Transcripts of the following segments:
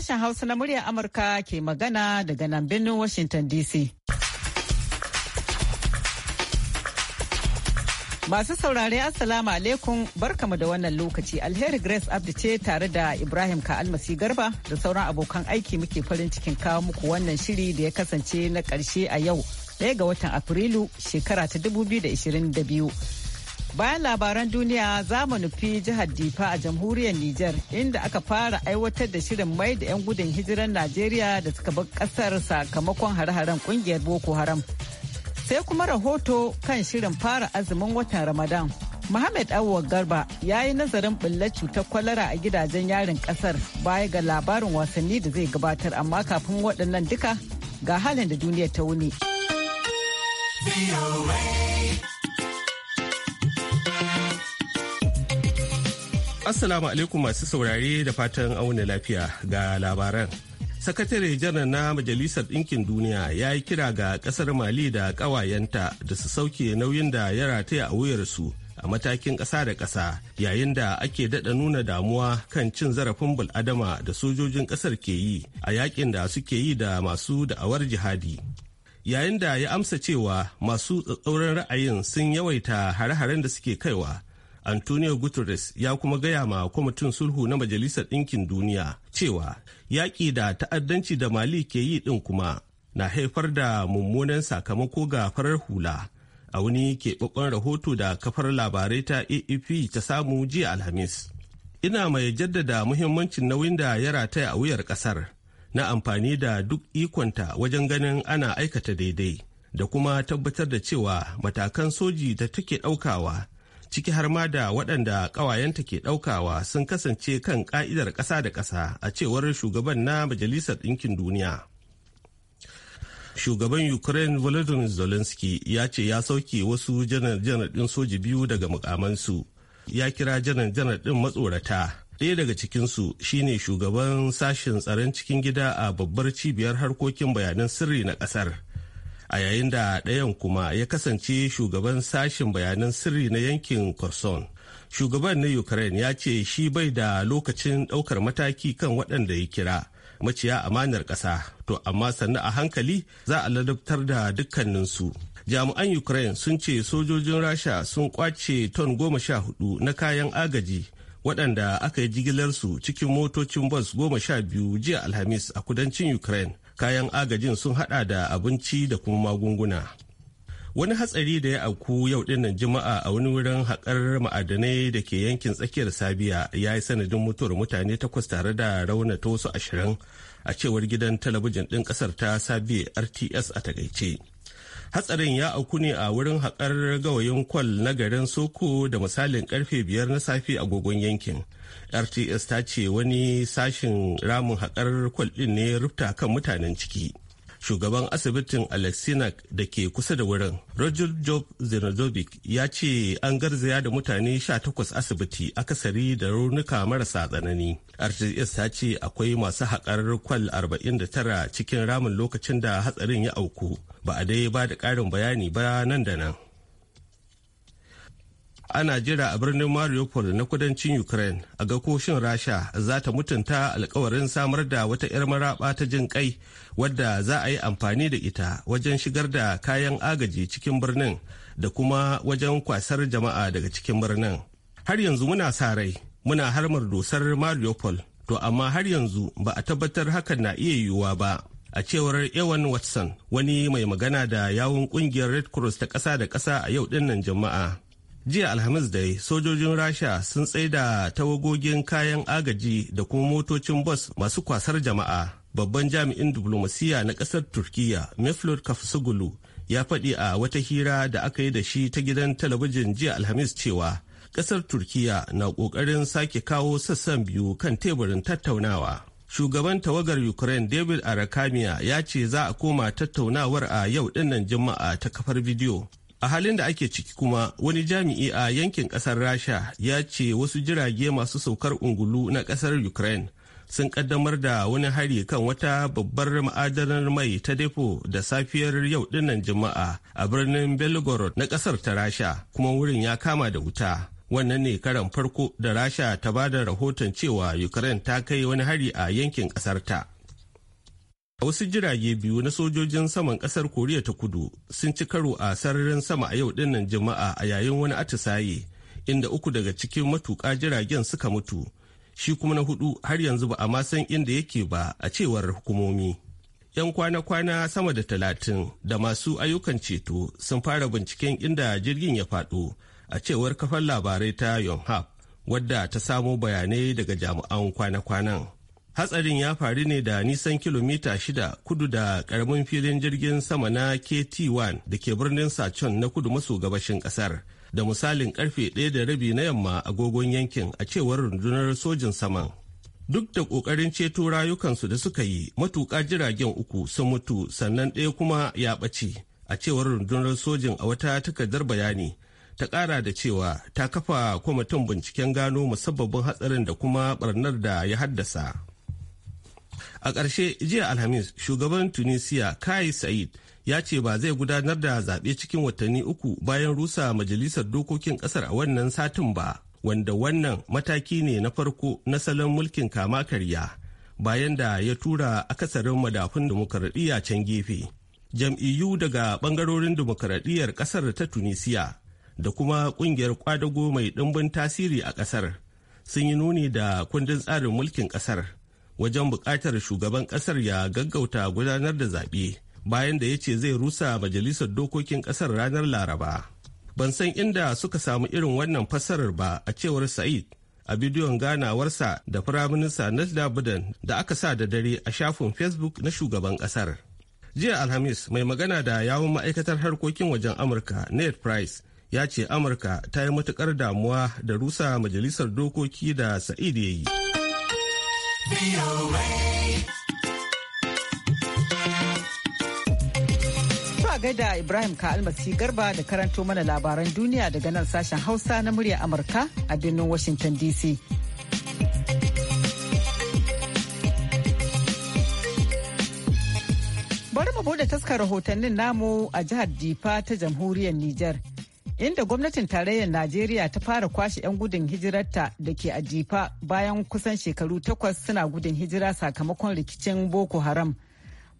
Sashen Hausa na muryar Amurka ke magana daga nan birnin Washington DC. Masu saurare Assalamu alaikum barkamu da wannan lokaci alheri Grace abdu ce tare da Ibrahim ka almasi Garba da sauran abokan aiki muke farin cikin kawo muku wannan shiri da ya kasance na karshe a yau ɗaya ga watan Afrilu shekara ta 2022. Bayan labaran duniya za mu nufi jihar Difa a jamhuriyar Niger inda aka fara aiwatar da shirin mai da 'yan gudun hijiran Najeriya da suka bar kasar sakamakon hare-haren kungiyar Boko Haram. Sai kuma rahoto kan shirin fara azumin watan Ramadan. Mohammed Awuwar Garba ya yi nazarin ɓullar cutar kwalara a gidajen yarin kasar baya ga labarin wasanni da zai gabatar amma kafin waɗannan duka ga halin da duniya ta wuni. Assalamu alaikum masu saurare da fatan auna lafiya ga labaran. Sakatare janar na Majalisar Dinkin Duniya ya yi kira ga ƙasar Mali da ƙawayenta da su sauke nauyin da ya rataya a wuyarsu a matakin ƙasa da ƙasa yayin da ake daɗa nuna damuwa kan cin zarafin bul'adama da sojojin ƙasar ke yi a yakin da suke yi da masu da'awar jihadi. Yayin da ya amsa cewa masu tsatsauran ra'ayin sun yawaita hare-haren da suke kaiwa antonio guterres ya kuma gaya ma kwamitin sulhu na majalisar ɗinkin duniya cewa yaƙi da ta'addanci da mali ke yi ɗin kuma na haifar da mummunan sakamako ga farar hula a wani keɓaɓɓen rahoto da kafar labarai ta aap ta samu jiya alhamis ina mai jaddada muhimmancin nauyin da ya rataya a wuyar ƙasar na amfani da duk ikonta wajen ganin ana aikata daidai da kuma tabbatar da cewa matakan soji da take ɗaukawa ciki har ma da waɗanda ƙawayenta ke ɗaukawa sun kasance kan ƙa'idar ƙasa da ƙasa a cewar shugaban na majalisar ɗinkin duniya. Shugaban Ukraine Volodymyr Zelensky ya ce ya sauke wasu janar-janar ɗin soji biyu daga mukamansu. Ya kira janar-janar ɗin matsorata. Ɗaya daga cikinsu shine shugaban sashen tsaron cikin gida a babbar cibiyar harkokin bayanan sirri na ƙasar. a yayin da ɗayan kuma ya kasance shugaban sashen bayanan sirri na yankin Kherson. Shugaban na Ukraine ya ce shi bai da lokacin ɗaukar mataki kan waɗanda ya kira maciya amanar ƙasa, to amma sannu a hankali za a ladabtar da dukkaninsu. Jami'an Ukraine sun ce sojojin Rasha sun kwace ton goma sha hudu na kayan agaji waɗanda aka yi jigilarsu cikin motocin bus goma sha biyu jiya alhamis a kudancin ukraine kayan agajin sun hada da abinci da kuma magunguna wani hatsari da ya auku yau dinnan jima'a a wani wurin haƙar ma'adanai da ke yankin tsakiyar sabiya ya yi sanadin mutuwar mutane takwas tare da raunata wasu ashirin a cewar gidan talabijin ɗin ƙasar ta sabiya rts a takaice hatsarin ya auku ne a wurin haƙar gawayin kwal na garin soko da misalin karfe biyar na safe gogon yankin rts ta ce wani sashin ramin haƙar kwal ɗin ne rufta kan mutanen ciki shugaban asibitin alexinac da ke kusa da wurin roger job zinodovic ya ce an garzaya da mutane 18 asibiti akasari da raunuka marasa tsanani rts ta ce akwai masu haƙar kwal 49 cikin ramin lokacin da hatsarin ya auku ba a dai ba da ƙarin bayani ba nan da nan ana jira a birnin mariupol na kudancin ukraine a ga koshin rasha za ta mutunta alkawarin samar da wata 'yar maraba ta jin kai wadda za a yi amfani da ita wajen shigar da kayan agaji cikin birnin da kuma wajen kwasar jama'a daga cikin birnin har yanzu muna sa rai muna harmar dosar mariupol to amma har yanzu ba a tabbatar hakan na iya yiwuwa ba a cewar ewan watson wani mai magana da yawun kungiyar red cross ta kasa da kasa a yau dinnan jama'a jiya alhamis dai sojojin rasha sun tsaida tawagogin kayan agaji da kuma motocin bus masu kwasar jama'a babban jami'in diplomasiya na kasar turkiya meflot kafsugulu ya faɗi a wata hira da aka yi da shi ta gidan talabijin jiya alhamis cewa kasar turkiya na ƙoƙarin sake kawo sassan biyu kan teburin tattaunawa shugaban tawagar ukraine david arakamiya ya ce za a koma tattaunawar a yau dinnan juma'a ta kafar bidiyo a halin da ake ciki kuma wani jami'i a yankin kasar rasha ya ce wasu jirage masu saukar ungulu na kasar ukraine sun kaddamar da wani hari kan wata babbar ma'adanar mai ta depo da safiyar yau dinnan jama'a a birnin belgorod na kasar ta rasha kuma wurin ya kama da wuta wannan ne karan farko da rasha ta ba da rahoton cewa ukraine ta kai wani hari a yankin kasar ta a Wasu jirage biyu na sojojin saman kasar Koriya ta kudu sun ci karo a sararin sama a yau dinnan Juma'a a yayin wani atisaye inda uku daga cikin matuƙa jiragen suka mutu. Shi kuma na hudu har yanzu ba a ma san inda yake ba a cewar hukumomi. 'Yan kwana-kwana sama da talatin da masu ayyukan ceto sun fara binciken inda jirgin ya faɗo a cewar kafar labarai ta Yonhap wadda ta samo bayanai daga jami'an kwana-kwanan. hatsarin ya faru ne da nisan kilomita shida kudu da karamin filin jirgin sama na kt1 da ke birnin sachon na kudu maso gabashin kasar da misalin karfe ɗaya da rabi na yamma agogon yankin a cewar rundunar sojin saman duk da kokarin ceto rayukansu da suka yi matuka jiragen uku sun mutu sannan ɗaya kuma ya ɓace a cewar rundunar sojin a wata takardar bayani ta ƙara da cewa ta kafa kwamitin binciken gano musabbabin hatsarin da kuma barnar da ya haddasa a ƙarshe jiya alhamis shugaban tunisia kai said ya ce ba zai gudanar da zaɓe cikin watanni uku bayan rusa majalisar dokokin ƙasar a wannan satin ba wanda wannan mataki ne na farko na salon mulkin kama karya bayan da ya tura akasarin madafun dimokuraɗiyya can gefe jam'iyyu daga ɓangarorin dimokuraɗiyyar ƙasar ta tunisia da kuma ƙungiyar kwadago mai ɗimbin tasiri a ƙasar sun yi nuni da kundin tsarin mulkin ƙasar wajen buƙatar shugaban ƙasar ya gaggauta gudanar da zaɓe bayan da ya ce zai rusa majalisar dokokin ƙasar ranar laraba ban san inda suka samu irin wannan fassarar ba a cewar sa'id a bidiyon ganawarsa da firaminista na Budan da aka sa da dare a shafin Facebook na shugaban ƙasar. Jiya Alhamis mai magana da yawon ma'aikatar harkokin wajen Amurka Ned Price ya ce Amurka ta yi matukar damuwa da rusa majalisar dokoki da Sa'id ya yi. gaida Ibrahim ka almasi garba da karanto mana labaran duniya daga nan sashen Hausa na murya Amurka a birnin Washington DC. Bari mu bude taskar rahotannin namu a jihar Difa ta jamhuriyar Nijar. inda gwamnatin tarayyar Najeriya ta fara kwashe 'yan gudun hijirarta da ke a jifa bayan kusan shekaru takwas suna gudun hijira sakamakon rikicin Boko Haram.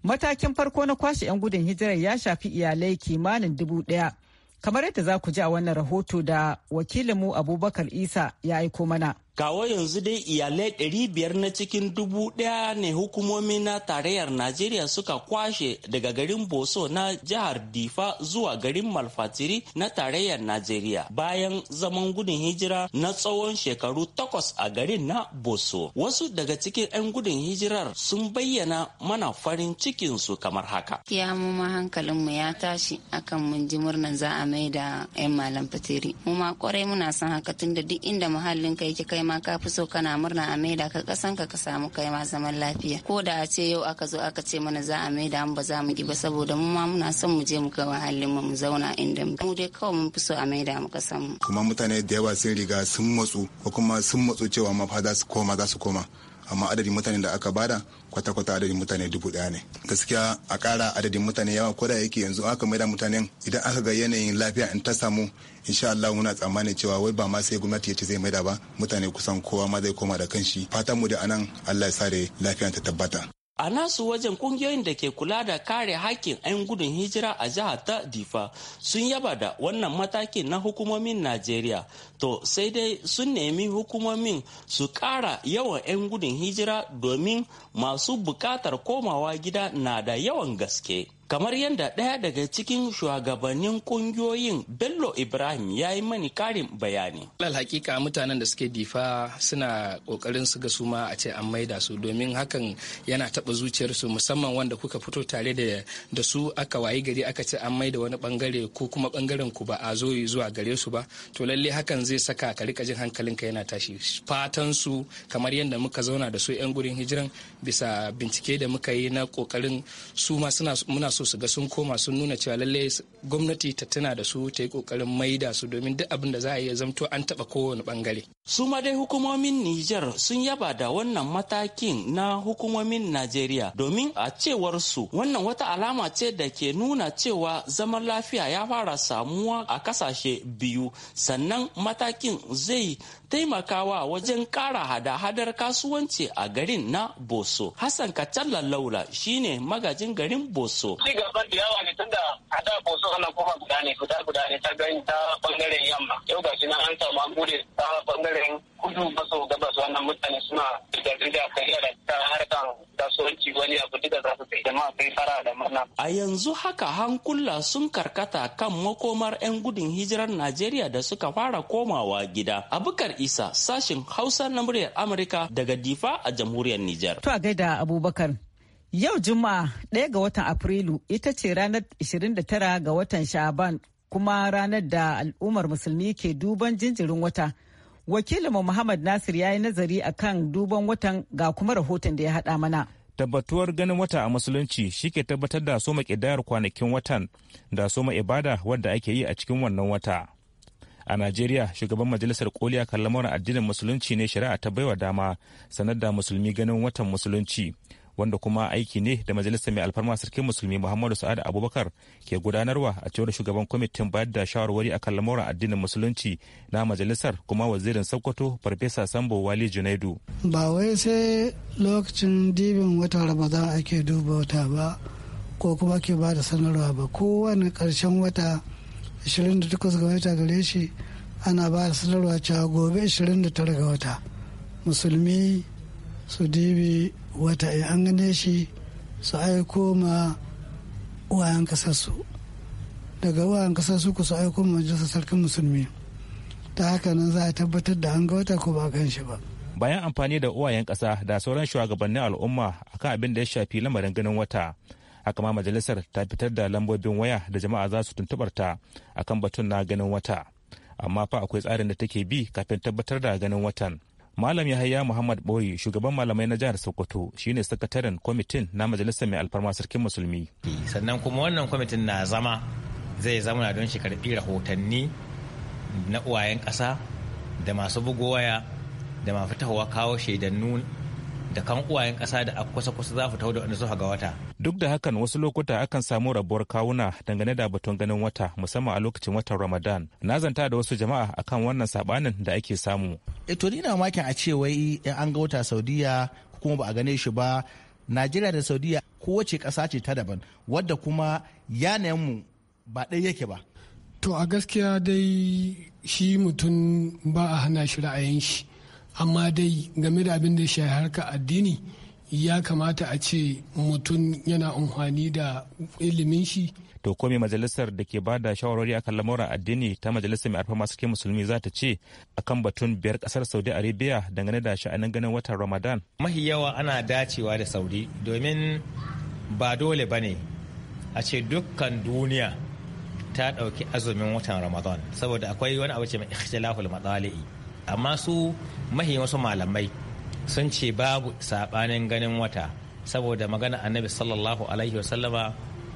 Matakin farko na kwashe 'yan gudun hijirar ya shafi iyalai kimanin dubu ɗaya. Kamar yadda za ku ji a wannan rahoto da wakilinmu Abubakar Isa ya aiko mana. kawo yanzu dai iyalai ɗari biyar na cikin dubu ɗaya ne hukumomi na tarayyar najeriya suka kwashe daga garin boso na jihar difa zuwa garin malfatiri na tarayyar najeriya bayan zaman gudun hijira na tsawon shekaru takwas a garin na boso wasu daga cikin 'yan gudun hijirar sun bayyana mana farin cikin su kamar haka ya mu ma hankalinmu ya tashi akan mun ji murnan za a mai da 'yan malam fatiri mu ma kwarai muna son haka tunda duk inda muhallin ka yake kai ma ka fi so kana murna a maida ka kasan ka ka samu kai ma zaman lafiya ko da a ce yau aka zo aka ce mana za a maida mu ba za mu ki ba saboda mu ma muna son mu je mu ga halin mu mu zauna inda mu dai kawai mun fi so a maida mu kasan mu kuma mutane da yawa sun riga sun matsu ko kuma sun matsu cewa ma za su koma za su koma amma adadin mutane da aka bada kwata-kwata adadin mutane dubu daya ne gaskiya a kara adadin mutane yawa ko da yake yanzu aka maida mutanen idan aka ga yanayin lafiya in ta samu insha Allah muna tsammanin cewa wai ba ma sai gwamnati ya ce zai maida ba mutane kusan kowa ma zai koma da kanshi fatan mu da anan Allah ya sare lafiya ta tabbata a nasu wajen kungiyoyin da ke kula da kare hakkin 'yan gudun hijira a jihar ta difa sun yaba da wannan matakin na hukumomin najeriya to sai dai sun nemi hukumomin su ƙara yawan 'yan gudun hijira domin masu buƙatar komawa gida na da yawan gaske. kamar yadda ɗaya daga cikin shugabannin kungiyoyin bello ibrahim ya yi mani karin bayani alal hakika mutanen da suke difa suna kokarin su ga suma a ce an maida su domin hakan yana taɓa zuciyarsu musamman wanda kuka fito tare da su aka wayi gari aka ce an maida wani bangare ko kuma bangaren ku ba a zo zuwa gare su ba to lalle hakan zai saka ka rika jin hankalinka yana tashi fatan su kamar yadda muka zauna da su yan gurin hijiran bisa bincike da muka yi na kokarin su ma muna so su ga sun koma sun nuna cewa lalle gwamnati ta tana da su ta yi kokarin maida su domin duk abin da za a iya zamto an taba kowane bangare Su ma dai hukumomin Nijar sun yaba da wannan matakin na hukumomin Najeriya domin a cewar su wannan wata alama ce da ke nuna cewa zaman lafiya ya fara samuwa a kasashe biyu sannan matakin zai taimakawa wajen kara hada-hadar kasuwanci a garin na Boso. Hassan Kacallan Laula shine magajin garin Boso. Ci gaban da yawa ne tunda a da Boso ana kuma guda ne guda guda ne ta gani ta bangaren yamma. Yau ga shi an samu an bude ta ɓangaren kudu maso gabas wannan mutane suna riga-riga kan yara ta harkar kasuwanci wani abu duka za su kai jama'a kai fara da murna. A yanzu haka hankula sun karkata kan makomar 'yan gudun hijirar Najeriya da suka fara komawa gida. Abubakar Isa sashin Hausa na muryar Amurka daga Difa a jamhuriyar Nijar. To a gaida Abubakar. Yau Juma'a ɗaya ga watan Afrilu ita ce ranar 29 ga watan shaban kuma ranar da al'ummar musulmi ke duban jinjirin wata. wakilin Muhammad Nasir ya yi nazari a kan duban watan ga kuma rahoton da ya haɗa mana. Tabbatuwar ganin wata a musulunci shi ke tabbatar da soma ƙidayar kwanakin watan da soma ibada wadda ake yi a cikin wannan wata. A Najeriya, shugaban majalisar koliya kan lamuran addinin musulunci ne shari'a ta baiwa dama sanar da musulmi ganin watan musulunci wanda kuma aiki ne da majalisar mai alfarma sarkin musulmi muhammadu sa'ad abubakar ke gudanarwa a cewar shugaban kwamitin bayar da shawarwari akan lamuran addinin musulunci na majalisar kuma wazirin sokoto farfesa sambo wali junaidu ba wai sai lokacin dibin watan ramadan ake duba wata ba ko kuma ke ba da sanarwa ba kowane karshen wata 28 ga wata gare shi ana ba da sanarwa cewa gobe 29 ga wata musulmi su dibi wata in an gane shi su aiko ma wayan kasarsu daga wayan kasarsu ku su aiko ma majalisar sarkin musulmi ta haka nan za a tabbatar da an ga wata ko ba a shi ba bayan amfani da uwayen ƙasa da sauran shugabannin al'umma akan abin da ya shafi lamarin ganin wata haka ma majalisar ta fitar da lambobin waya da jama'a za su tuntubarta a akan batun na ganin wata amma fa akwai tsarin da take bi kafin tabbatar da ganin watan Malam Yahaya Muhammad Boye shugaban malamai na jihar Sokoto shine sakataren kwamitin na majalisar mai alfarma sarkin musulmi. Sannan kuma wannan kwamitin na zama zai zama na don shi karbi rahotanni na uwayen ƙasa da masu bugu da masu tahowa kawo shaidannu da kan uwayen kasa da kusa-kusa za fita da wanda suka ga wata. Duk da hakan wasu lokuta akan samu rabuwar kawuna dangane da batun ganin wata musamman a lokacin watan Ramadan. Na zanta da wasu jama'a akan wannan sabanin da ake samu. E to ni na makin a ce wai in an ga wata Saudiya kuma ba a gane shi ba. Najeriya da Saudiya kowace ƙasa ce ta daban wadda kuma mu ba ɗaya yake ba. To a gaskiya dai shi mutum ba a hana shi ra'ayin shi. amma dai game da abin da ya shayi harkar addini ya kamata a ce mutum yana amfani da ilimin shi to komai majalisar da ke bada shawarwari akan lamuran addini ta majalisar mai arfa masu ke musulmi za ta ce akan batun biyar kasar saudi arabia dangane da sha'anin ganin watan ramadan mahi yawa ana dacewa da saudi domin ba dole ba ne a ce dukkan duniya ta ɗauki azumin watan ramadan saboda akwai wani abu ce mai ikhtilaful matsali'i amma su mahi wasu malamai sun ce babu sabanin ganin wata saboda magana annabi sallallahu alaihi wasallama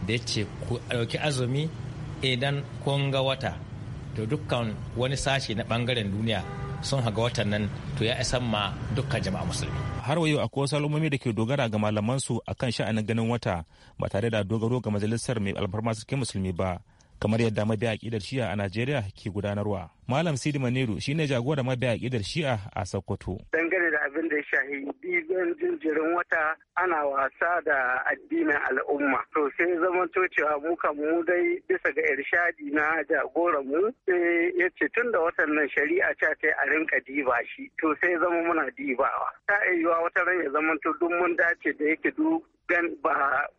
da ya ce ku ɗauki azumi idan kun ga wata to dukkan wani sashe na bangaren duniya sun haga watan nan to ya isan ma dukkan jama'a musulmi har wayo akwai wasu al'ummomi da ke dogara ga malamansu su akan sha'anin ganin wata ba tare da dogaro ga majalisar mai albarma cikin musulmi ba kamar yadda mabiya aƙidar shi'a a Najeriya ke gudanarwa. Malam Sidi Maneru ne jagorar mabiya aƙidar shi'a a Sokoto. Dangane abin da ya shahi ɗiban jinjirin wata ana wasa da addinin al'umma. To sai zaman cewa muka mu dai bisa ga irshadi na jagoran mu sai ya ce tun da watan nan shari'a ta ta a rinka diba shi. To sai zama muna dibawa. Ta yiwuwa wata ran ya zama to duk mun dace da yake duk gan ba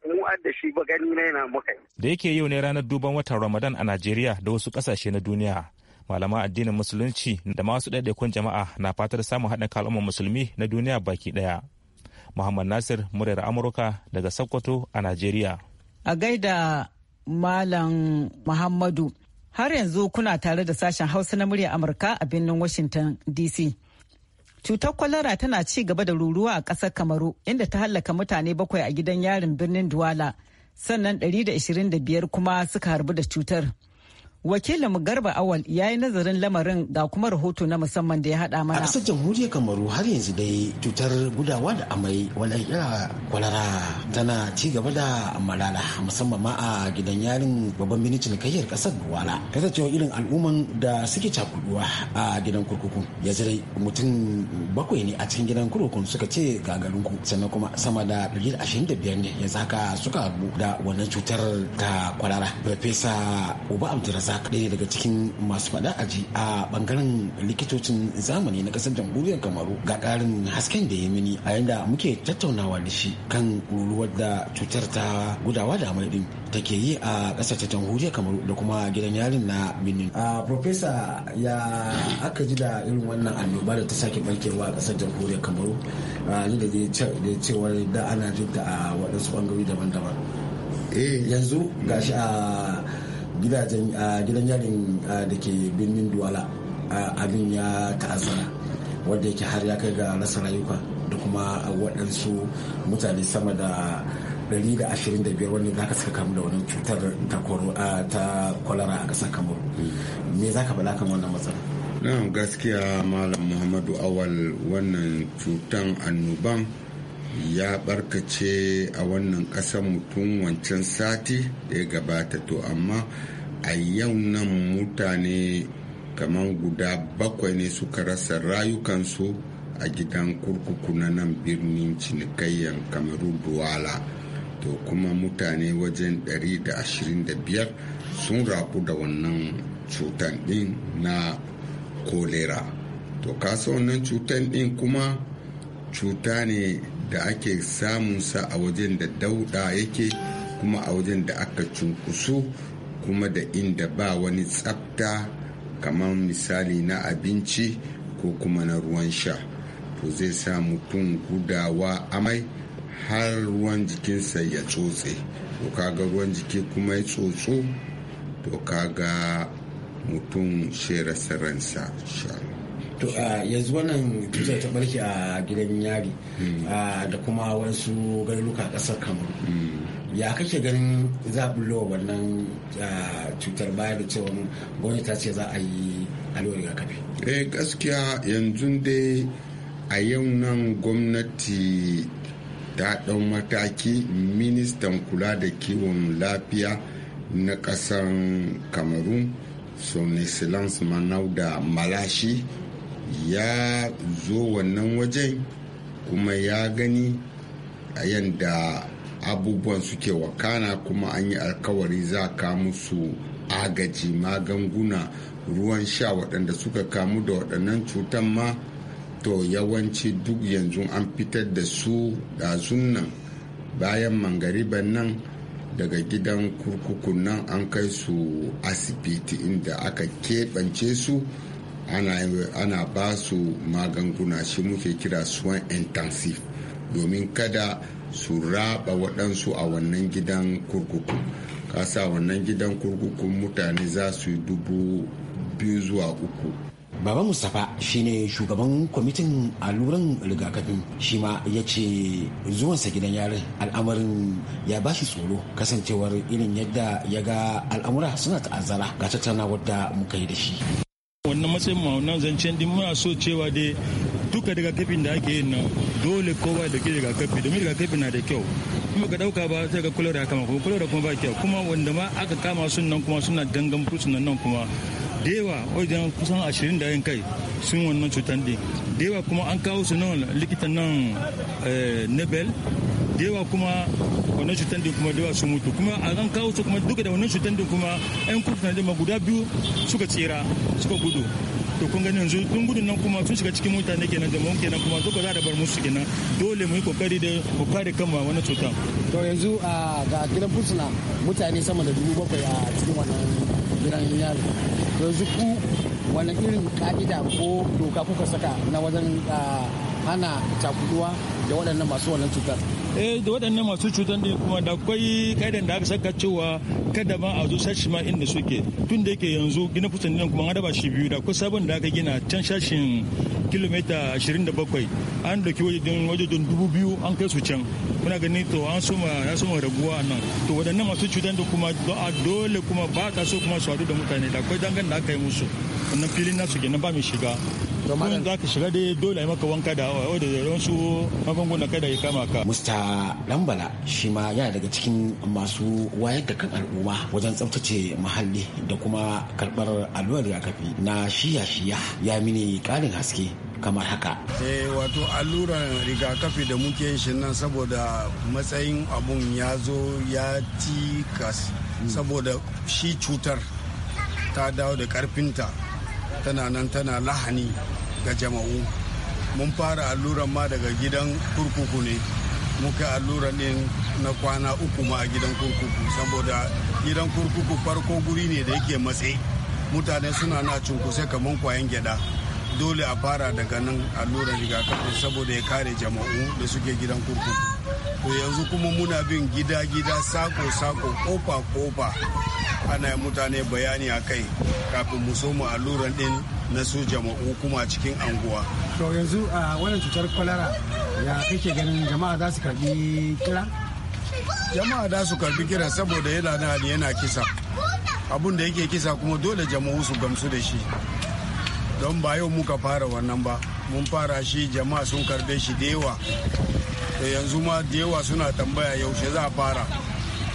mu da shi ba gani na yana muka. Da yake yau ne ranar duban watan Ramadan a Najeriya da wasu kasashe na duniya. malaman addinin musulunci da masu ɗaiɗaikun jama'a na fatar samun haɗin kalmar musulmi na duniya baki ɗaya muhammad nasir murar amurka daga sokoto a najeriya a gaida malam muhammadu har yanzu kuna tare da sashen hausa na murya amurka a birnin washington dc cutar kwalara tana ci gaba da ruruwa a ƙasar kamaru inda ta hallaka mutane bakwai a gidan yarin birnin duwala sannan 125 kuma suka harbu da cutar wakilin garba awal ya yi nazarin lamarin ga kuma rahoto na musamman da ya haɗa mana a ƙasar jamhuriyar kamaru har yanzu dai cutar gudawa da amai wani kira kwalara tana ci gaba da malala musamman ma a gidan yarin babban birnin kayyar ƙasar duwala kasancewar irin al'umman da suke cakuduwa a gidan kurkuku ya zirai mutum bakwai ne a cikin gidan kurkukun suka ce gagarinku sannan kuma sama da ɗari ashirin da biyar ne yanzu haka suka da wannan cutar ta kwalara farfesa uba abdulrasa isa ɗaya daga cikin masu faɗa aji a bangaren likitocin zamani na ƙasar jamhuriyar kamaru ga ƙarin hasken da ya mini a yadda muke tattaunawa da shi kan ruruwar da cutar ta gudawa da amai ɗin take yi a ƙasar ta jamhuriyar kamaru da kuma gidan yarin na benin. a profesa ya aka ji da irin wannan annoba da ta sake ɓarkewa a ƙasar jamhuriyar kamaru ni da cewar da ana jinta a waɗansu ɓangarori daban-daban. Eh. yanzu gashi a gidajen gidan yarin da ke birnin duwala abin ya ta'azzara wanda yake har ya kai ga rasa rayuka da kuma waɗansu mutane sama da 125 wanda za ka saka kamu da wani cutar ta kwalara a ƙasar kamar hmm. me za ka bala kan wannan matsala na gaskiya malam muhammadu awal wannan cutan annoban ya barkace a wannan ƙasar mutum wancan sati da ya gabata to amma a yau nan mutane kamar guda bakwai ne suka rasa rayukansu a gidan kurkuku na nan birnin cinikayyan kamaru duwala to kuma mutane wajen 125 sun rabu da wannan cutan din na kolera to kasa wannan cutan din kuma cuta ne da ake samunsa a wajen da dauda yake kuma a wajen da aka cunkusu kuma da inda ba wani tsafta kamar misali na abinci ko kuma na ruwan sha to zai sa mutum gudawa amai har ruwan jikinsa ya tsotse to kaga ruwan jiki kuma ya tsotso to kaga mutum shi saransa. to ah, yanzu wannan cutar ta barke a gidan yari hmm. ah, da kuma wasu garuruka kasar kamar hmm. ya kake ganin zaɓin wannan ah, cutar baya da cewa gwamnati ta ce za a yi allurar rigakafi eh gaskiya yanzu dai a yau nan gwamnati ta ɗau mataki ministan kula da kiwon lafiya na ƙasar cameroon sonisilans manau da malashi ya zo wannan wajen kuma ya gani a yadda abubuwan suke wakana kuma an yi alkawari za kamu su agaji magunguna ruwan sha waɗanda suka kamu da waɗannan cutan ma to yawanci duk yanzu an fitar da su ɗazun nan bayan mangariban nan daga gidan kurkukun nan an kai su asibiti inda aka keɓance su ana ba su magunguna shi muke kira swan intensive domin kada su raba waɗansu a wannan gidan kurkuku kasa wannan gidan kurkuku mutane za su yi dubu biyu zuwa uku Baba Mustapha shine shugaban kwamitin alluran rigakafin shi ma ya ce zuwansa gidan yarin al'amarin ya ba shi tsoro kasancewar irin yadda ya ga al'amura suna ta'azzara ga tattaunawar da muka yi da shi. wannan matsayin ma wannan zancen din muna so cewa dai duka daga kafin da ake yin nan dole kowa da ke daga kafin domin daga kafin na da kyau kuma ka dauka ba sai ka kula da kama kuma kula da kuma ba kyau kuma wanda ma aka kama sun nan kuma suna gangan fursun nan kuma dewa wajen kusan ashirin da yin kai sun wannan cutan din dewa kuma an kawo su nan likitan nan eh, nebel da yawa kuma wannan cutar din kuma da yawa sun mutu kuma a ran kawo su kuma duka da wannan cutar din kuma yan kurtuna din ma guda biyu suka tsira suka gudu to kun gani yanzu tun gudun nan kuma sun shiga cikin mutane kenan da mun kenan kuma duka za da bar musu kenan dole mu yi kokari da mu kare kanmu wannan cuta to yanzu a ga gidan fursuna mutane sama da dubu bakwai a cikin wannan gidan yaro yanzu ku wani irin ka'ida ko doka kuka saka na wajen hana cakuduwa da waɗannan masu wannan cutar eh da waɗannan masu cutar din kuma da akwai kaidan da aka saka cewa kada ma a zo sashi ma inda suke tun da yake yanzu gina fusan nan kuma an raba shi biyu da akwai sabon da aka gina can sashin kilomita 27 an dauki wajen wajen dubu biyu an kai su can kuna gani to an suma ya suma raguwa nan to waɗannan masu cutar da kuma dole kuma ba ta so kuma su haɗu da mutane da akwai dangan da aka yi musu wannan filin nasu kenan ba mai shiga domin za ka shiga dai dole a maka wanka da hawa da zai su magungunan kada ya kama ka. Musta Dambala shi ma yana daga cikin masu wayar da kan al'umma wajen tsaftace muhalli da kuma karɓar allurar rigakafi na shiya-shiya ya mini ƙarin haske kamar haka. Eh wato alluran rigakafi da muke shi nan saboda matsayin abun ya zo ya tikas hmm. saboda shi cutar ta dawo da karfinta tana nan tana lahani ga jama'u mun fara alluran ma daga gidan kurkuku ne muka allura din na kwana uku ma a gidan kurkuku saboda gidan kurkuku farko guri ne da yake matse mutane suna na cunkuse kamar kwayan gyada dole a fara daga nan alluran rigakafi saboda ya kare jama'u da suke gidan kurkuku to yanzu kuma muna bin gida-gida sako-sako kofa-kofa ana mutane bayani a kai kafin mu so mu alluran din na su jama'u kuma cikin anguwa. To yanzu a wannan cutar kwalara ya kake ganin jama'a za su karbi kira? Jama'a za su karbi kira saboda yana na yana kisa. Abun da yake kisa kuma dole jama'u su gamsu da shi. Don ba yau muka fara wannan ba. Mun fara shi jama'a sun karbe shi da yawa. To yanzu ma da yawa suna tambaya yaushe za a fara.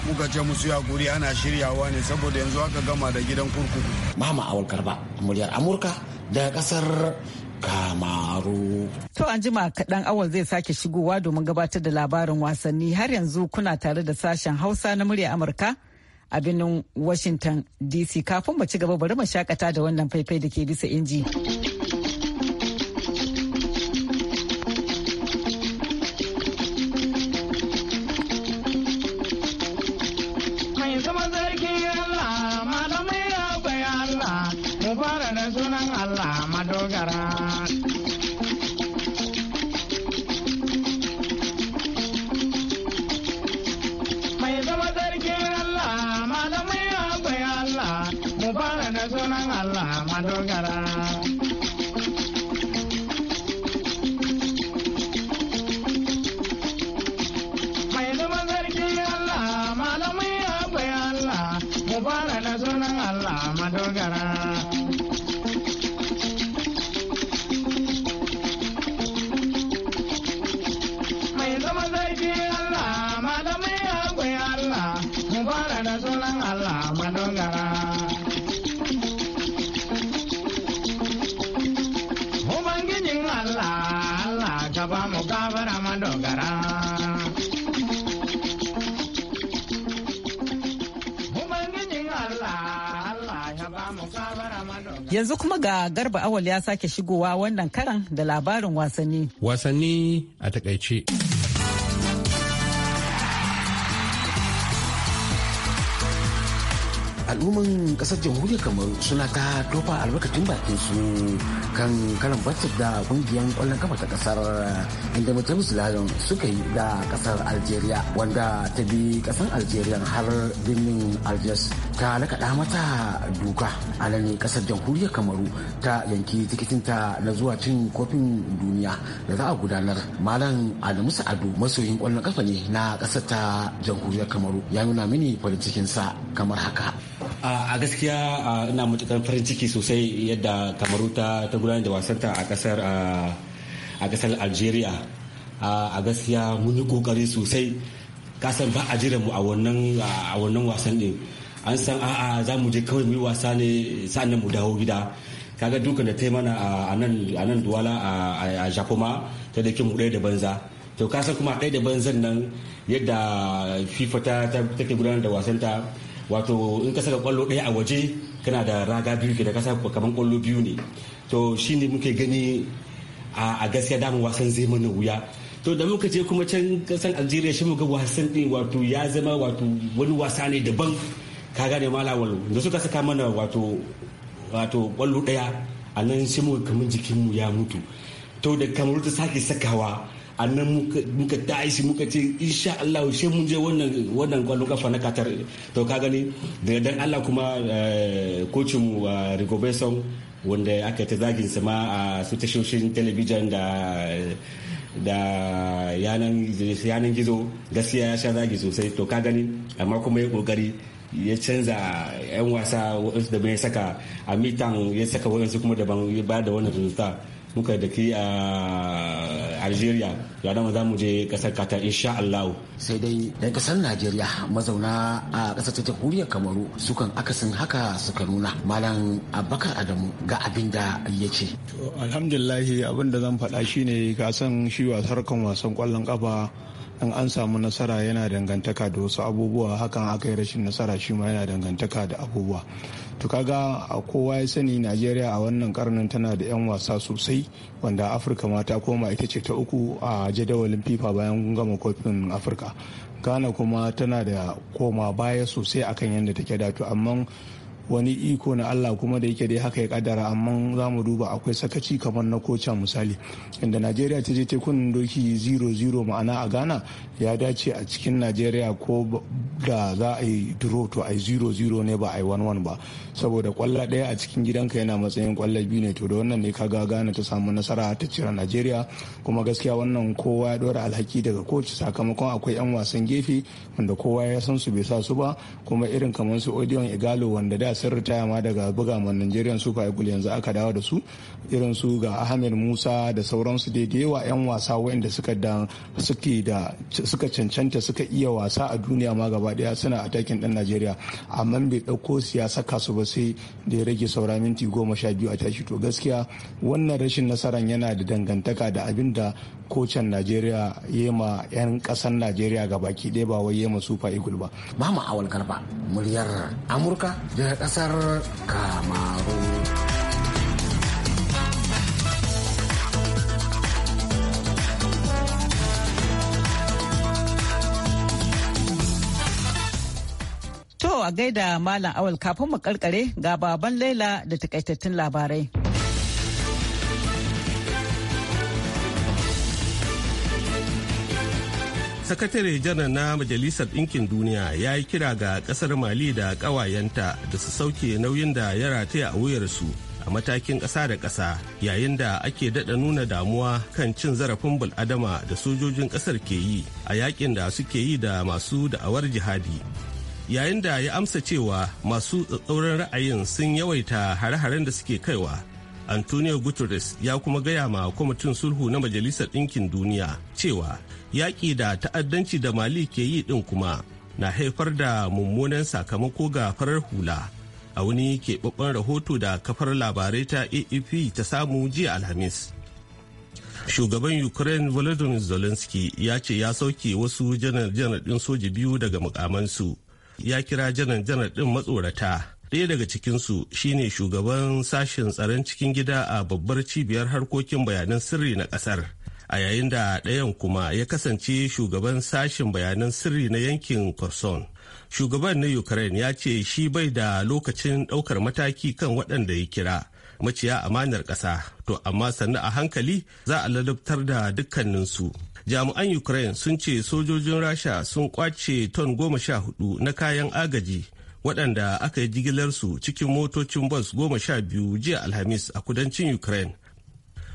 kuka ce musu ya guri ana shiryawa ne saboda yanzu aka gama da gidan kurkuku mama awal ba, muryar amurka da kasar kamaru. To an jima kaɗan awal zai sake shigowa domin gabatar da labarin wasanni har yanzu kuna tare da sashen hausa na muryar amurka a birnin washington dc kafin mu ci gaba bari mu shakata da wannan faifai da ke bisa inji. Yanzu kuma ga Garba Awal ya sake shigowa wannan karan da labarin wasanni. Wasanni a takaice. al'umman kasar jamhuriyar kamaru suna ta tofa albarkacin bakin su kan karan baccin da kungiyar kwallon kafa ta kasar inda mutum lalon suka yi da kasar algeria wanda ta bi kasar algeria har birnin algiers ta lakaɗa mata duka a nan kasar jamhuriyar kamaru ta yanki ta na zuwa cin kofin duniya da za a gudanar malam adamu sa'adu masoyin kwallon kafa ne na kasar ta jamhuriyar kamaru ya nuna mini farin sa kamar haka a gaskiya ina matukar farin ciki sosai yadda kamaru ta gudanar da wasanta a kasar a kasar algeria a gaskiya mun yi kokari sosai kasan ba a jiran mu a wannan wasan din an san a'a za mu je kawai mu yi wasa ne sa'annan mu dawo gida kaga dukan da ta yi mana a nan duwala a jakoma ta da mu ɗaya da banza to kasan kuma ɗaya da banzan nan yadda fifa ta take gudanar da wasanta wato in ka saka kwallo ɗaya a waje kana da raga biyu ke da kasa kamar kwallo biyu ne to ne muke gani a gaskiya damar wasan zai mana wuya to da muka je kuma can kasan algeria shi muga wasan din wato ya zama wato wani wasa ne daban ka gane malawal da suka saka mana wato wato kwallo ɗaya a nan shi muka kamar jikinmu ya mutu to da kamar ta sake sakawa a nan muka aisi muka ce insha Allah sai mun je wannan wannan kwallon kafa na Qatar to ka gani daga dan Allah kuma eh, kocin mu ah, Rigobertson wanda aka ta zagin sama a su tashoshin talabijin da da yanan gizo gaskiya ya sha zagi sosai to ka gani amma kuma ya kokari ya canza 'yan wasa waɗansu da bai saka a mitan ya saka wani kuma daban ya ba da wannan resulta muka da ke a algeria ya dama za mu je kasar qatar insha allahu sai dai dan kasar najeriya mazauna a kasar ta jamhuriyar kamaru sukan akasin haka suka nuna malam abakar adamu ga abin da ya ce alhamdulillahi abin da zan faɗa shine ka san shi wasar kan wasan kwallon kafa in an samu nasara yana dangantaka da wasu abubuwa hakan aka yi rashin nasara shi ma yana dangantaka da abubuwa to kaga a kowa ya sani najeriya a wannan karnin tana da 'yan wasa sosai wanda afirka ma ta koma ita ce ta uku a jadawalin fifa bayan gama kofin afirka ghana kuma tana da koma baya sosai akan yadda take da amma wani iko na Allah kuma da yake dai haka ya kadara amma za mu duba akwai sakaci kamar na kocan misali inda Najeriya ta je tekun doki 0-0 ma'ana a Ghana ya dace a cikin Najeriya ko da za a yi duro to a yi 0-0 ne ba a yi 1-1 ba saboda kwallo ɗaya a cikin gidanka yana matsayin kwallo biyu ne to da wannan ne kaga Ghana ta samu nasara ta cira Najeriya kuma gaskiya wannan kowa ya dora alhaki daga koci sakamakon akwai 'yan wasan gefe wanda kowa ya san su bai sa su ba kuma irin kamar su Odion Igalo wanda da sun ritaya ma daga buga ma Nigerian Super Eagles yanzu aka dawo da su irin su ga Ahmed Musa da sauransu da yawa 'yan wasa wanda suka da suke da suka cancanta suka iya wasa a duniya ma gaba daya suna atakin ɗan nigeria amma bai dauko su ya su ba sai da ya rage saura minti goma sha biyu a tashi to gaskiya wannan rashin nasaran yana da dangantaka da abinda da kocin Najeriya ma 'yan ƙasar Najeriya baki ɗaya ba wai ma Super Eagles ba. Mama Awal Garba muryar Amurka da kasar kamaru To a gaida Malam Awal kafin mu karkare ga baban Laila da takaitattun labarai. sakatare janar na majalisar ɗinkin duniya ya yi kira ga ƙasar mali da ƙawayenta da su sauke nauyin da ya rataya a wuyarsu a matakin ƙasa da ƙasa yayin da ake daɗa nuna damuwa kan cin zarafin bul'adama da sojojin ƙasar ke yi a yakin da suke yi da masu da'awar jihadi yayin da ya amsa cewa masu tsatsauran ra'ayin sun yawaita hare-haren da suke kaiwa antonio guterres ya kuma gaya ma kwamitin sulhu na majalisar ɗinkin duniya cewa yaƙi da ta'addanci da mali ke yi ɗin kuma na haifar da mummunan sakamako ga farar hula a wani keɓaɓɓen rahoto da kafar labarai ta aap e ta samu jiya alhamis shugaban ukraine volodymyr zelensky ya ce ya sauke wasu janar-janar ɗin soji biyu daga mukamansu ya kira janar-janar ɗin matsorata ɗaya daga cikinsu shine shugaban sashen tsaron cikin gida a babbar cibiyar harkokin bayanan sirri na ƙasar a yayin da ɗayan kuma ya kasance shugaban sashen bayanan sirri na yankin kherson shugaban na ukraine ya ce shi bai da lokacin ɗaukar mataki kan waɗanda ya kira maciya amanar ƙasa to amma sannu a hankali za a ladabtar da dukkaninsu jami'an ukraine sun ce sojojin rasha sun kwace ton goma sha hudu na kayan agaji waɗanda aka yi jigilarsu cikin motocin bus goma sha biyu jiya alhamis a kudancin ukraine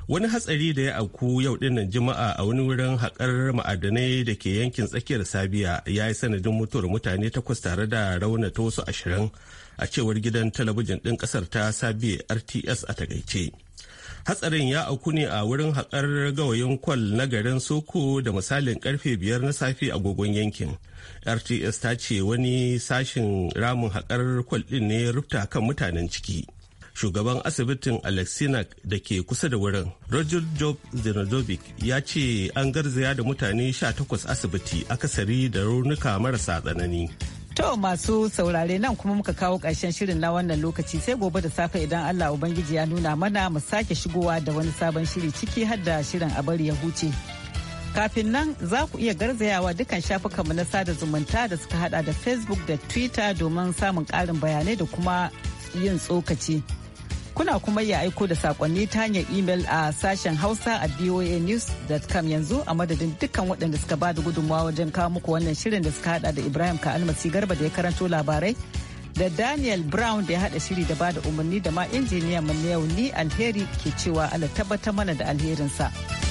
wani hatsari da ya auku yau dinnan jima'a a wani wurin haƙar ma'adanai da ke yankin tsakiyar sabiya ya yi sanadin mutuwar mutane takwas tare da raunata wasu ashirin a cewar gidan talabijin ɗin ƙasar ta sabiya rts a takaice hatsarin ya auku ne a wurin haƙar gawayin kwal na garin soko da misalin karfe biyar na safe gogon yankin rts ta ce wani sashin ramin haƙar kwal ɗin ne rufta kan mutanen ciki shugaban asibitin alexinac da ke kusa da wurin roger job zinodovic ya ce an garzaya da mutane 18 asibiti akasari da raunuka marasa tsanani To masu saurare nan kuma muka kawo ƙarshen shirin na wannan lokaci sai gobe da safe idan Allah Ubangiji ya nuna mana mu sake shigowa da wani sabon shiri ciki har da shirin a bari ya huce. Kafin nan za ku iya garzayawa dukkan shafukanmu na sada zumunta da suka hada da Facebook da Twitter domin samun ƙarin bayanai da kuma yin tsokaci. Kuna kuma ya aiko da sakonni ta hanyar imel a sashen Hausa a voanews.com yanzu a madadin dukkan waɗanda suka bada gudunmawa wajen kawo muku wannan shirin da suka hada da Ibrahim ka almasi garba da ya karanto labarai da Daniel Brown da ya hada shiri da bada umarni da ma injiniya mu yau ni alheri ke cewa ala tabbatar mana da alherinsa.